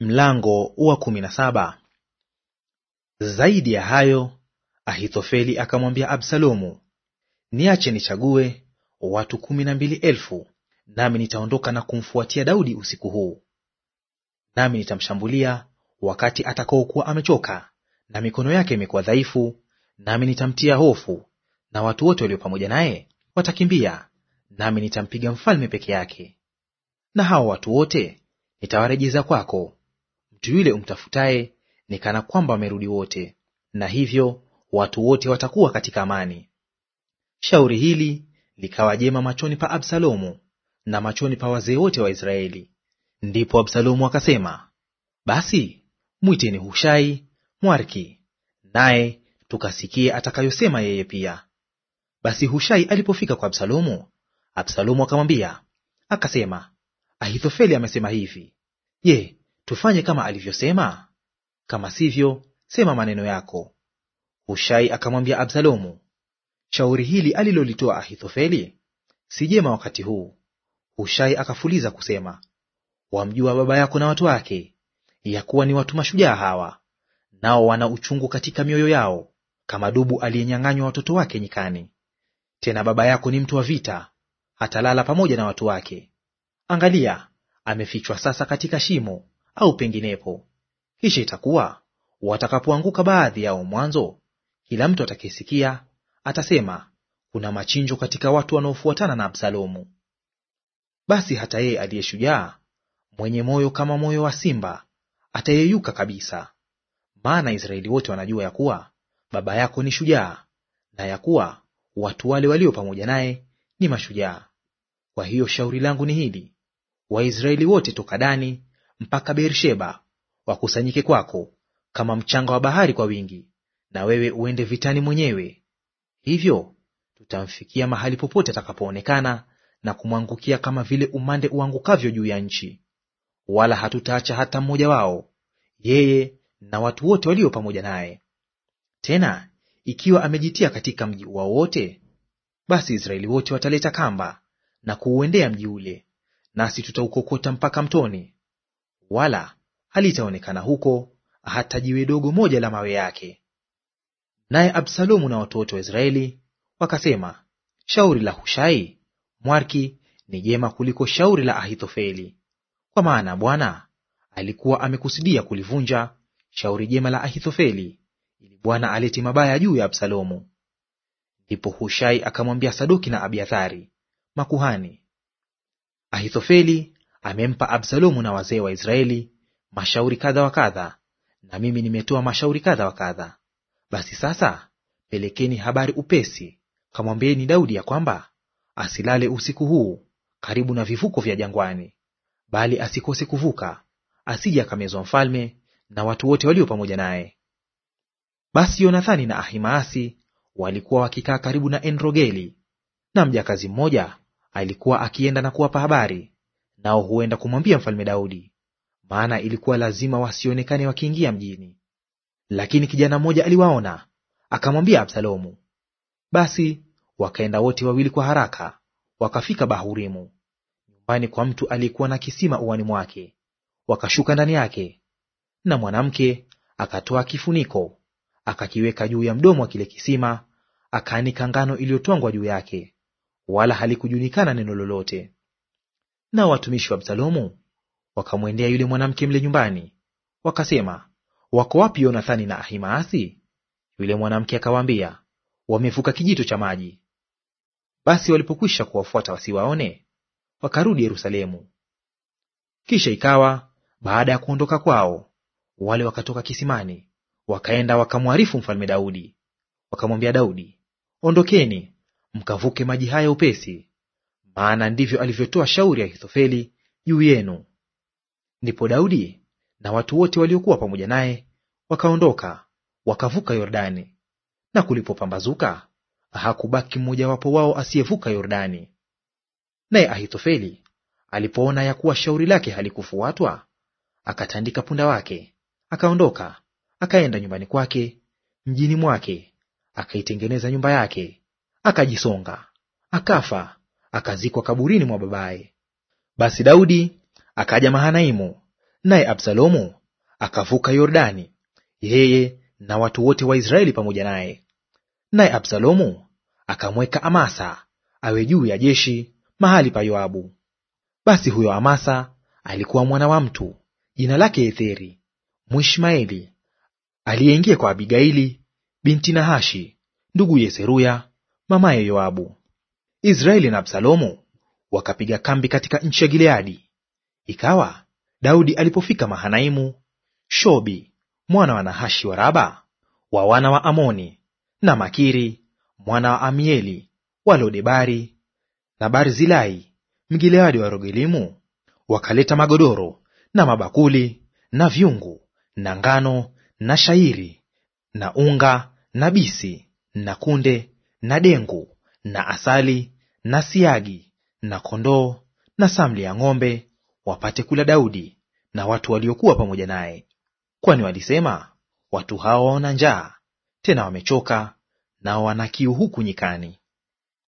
Mlango wa kumi na saba. Zaidi ya hayo, Ahithofeli akamwambia Absalomu, niache nichague watu kumi na mbili elfu, nami nitaondoka na kumfuatia Daudi usiku huu, nami nitamshambulia wakati atakaokuwa amechoka na mikono yake imekuwa dhaifu, nami nitamtia hofu, na watu wote walio pamoja naye watakimbia, nami nitampiga mfalme peke yake, na hao watu wote nitawarejeza kwako mtu yule umtafutaye ni kana kwamba wamerudi wote, na hivyo watu wote watakuwa katika amani. Shauri hili likawa jema machoni pa Absalomu na machoni pa wazee wote wa Israeli. Ndipo Absalomu akasema, basi mwiteni Hushai mwarki naye tukasikie atakayosema yeye pia. Basi Hushai alipofika kwa Absalomu, Absalomu akamwambia, akasema, Ahithofeli amesema hivi. Je, Tufanye kama alivyosema? Kama sivyo, sema maneno yako. Hushai akamwambia Absalomu, shauri hili alilolitoa Ahithofeli si jema wakati huu. Hushai akafuliza kusema, wamjua baba yako na watu wake, ya kuwa ni watu mashujaa hawa, nao wana uchungu katika mioyo yao, kama dubu aliyenyang'anywa watoto wake nyikani. Tena baba yako ni mtu wa vita, hatalala pamoja na watu wake. Angalia, amefichwa sasa katika shimo, au penginepo. Kisha itakuwa watakapoanguka baadhi yao mwanzo, kila mtu atakayesikia atasema kuna machinjo katika watu wanaofuatana na Absalomu. Basi hata yeye aliye shujaa mwenye moyo kama moyo wa simba atayeyuka kabisa. Maana Israeli wote wanajua ya kuwa baba yako ni shujaa, na ya kuwa watu wale walio pamoja naye ni mashujaa. Kwa hiyo shauri langu ni hili: Waisraeli wote toka Dani mpaka Beersheba, sheba wakusanyike kwako kama mchanga wa bahari kwa wingi, na wewe uende vitani mwenyewe. Hivyo tutamfikia mahali popote atakapoonekana, na kumwangukia kama vile umande uangukavyo juu ya nchi. Wala hatutaacha hata mmoja wao, yeye na watu wote walio pamoja naye. Tena ikiwa amejitia katika mji wao wote, basi Israeli wote wataleta kamba na kuuendea mji ule, nasi tutaukokota mpaka mtoni, wala halitaonekana huko hata jiwe dogo moja la mawe yake. Naye Absalomu na watu wote wa Israeli wakasema, shauri la Hushai Mwarki ni jema kuliko shauri la Ahithofeli, kwa maana Bwana alikuwa amekusudia kulivunja shauri jema la Ahithofeli, ili Bwana alete mabaya juu ya Absalomu. Ndipo Hushai akamwambia Sadoki na Abiathari makuhani, Ahithofeli amempa Absalomu na wazee wa Israeli mashauri kadha wa kadha, na mimi nimetoa mashauri kadha wa kadha. Basi sasa pelekeni habari upesi, kamwambieni Daudi ya kwamba asilale usiku huu karibu na vivuko vya jangwani, bali asikose kuvuka, asije akamezwa mfalme na watu wote walio pamoja naye. Basi Yonathani na Ahimaasi walikuwa wakikaa karibu na Enrogeli, na mjakazi mmoja alikuwa akienda na kuwapa habari nao huenda kumwambia mfalme Daudi, maana ilikuwa lazima wasionekane wakiingia mjini. Lakini kijana mmoja aliwaona, akamwambia Absalomu. Basi wakaenda wote wawili kwa haraka, wakafika Bahurimu, nyumbani kwa mtu aliyekuwa na kisima uwani mwake, wakashuka ndani yake. Na mwanamke akatoa kifuniko, akakiweka juu ya mdomo wa kile kisima, akaanika ngano iliyotwangwa juu yake, wala halikujulikana neno lolote. Nao watumishi wa Absalomu wakamwendea yule mwanamke mle nyumbani, wakasema, wako wapi Yonathani na Ahimaasi? Yule mwanamke akawaambia, wamevuka kijito cha maji. Basi walipokwisha kuwafuata wasiwaone, wakarudi Yerusalemu. Kisha ikawa baada ya kuondoka kwao, wale wakatoka kisimani, wakaenda wakamwarifu mfalme Daudi. Wakamwambia Daudi, ondokeni mkavuke maji haya upesi, maana ndivyo alivyotoa shauri Ahithofeli juu yenu. Ndipo Daudi na watu wote waliokuwa pamoja naye wakaondoka wakavuka Yordani, na kulipopambazuka hakubaki mmojawapo wao asiyevuka Yordani. Naye Ahithofeli alipoona ya kuwa shauri lake halikufuatwa, akatandika punda wake, akaondoka, akaenda nyumbani kwake mjini mwake, akaitengeneza nyumba yake, akajisonga, akafa akazikwa kaburini mwa babaye. Basi Daudi akaja Mahanaimu, naye Absalomu akavuka Yordani, yeye na watu wote wa Israeli pamoja naye. Naye Absalomu akamweka Amasa awe juu ya jeshi mahali pa Yoabu. Basi huyo Amasa alikuwa mwana wa mtu jina lake Etheri Mwishmaeli, aliyeingia kwa Abigaili binti Nahashi nduguye Seruya mamaye Yoabu. Israeli na Absalomu wakapiga kambi katika nchi ya Gileadi. Ikawa Daudi alipofika Mahanaimu, Shobi mwana wa Nahashi wa Raba wa wana wa Amoni na Makiri mwana wa Amieli wa Lodebari na Barzilai Mgileadi wa Rogelimu wakaleta magodoro na mabakuli na vyungu na ngano na shairi na unga na bisi na kunde na dengu na asali na siagi na kondoo na samli ya ng'ombe, wapate kula Daudi na watu waliokuwa pamoja naye, kwani walisema, watu hawa waona njaa, tena wamechoka, nao wana kiu huku nyikani.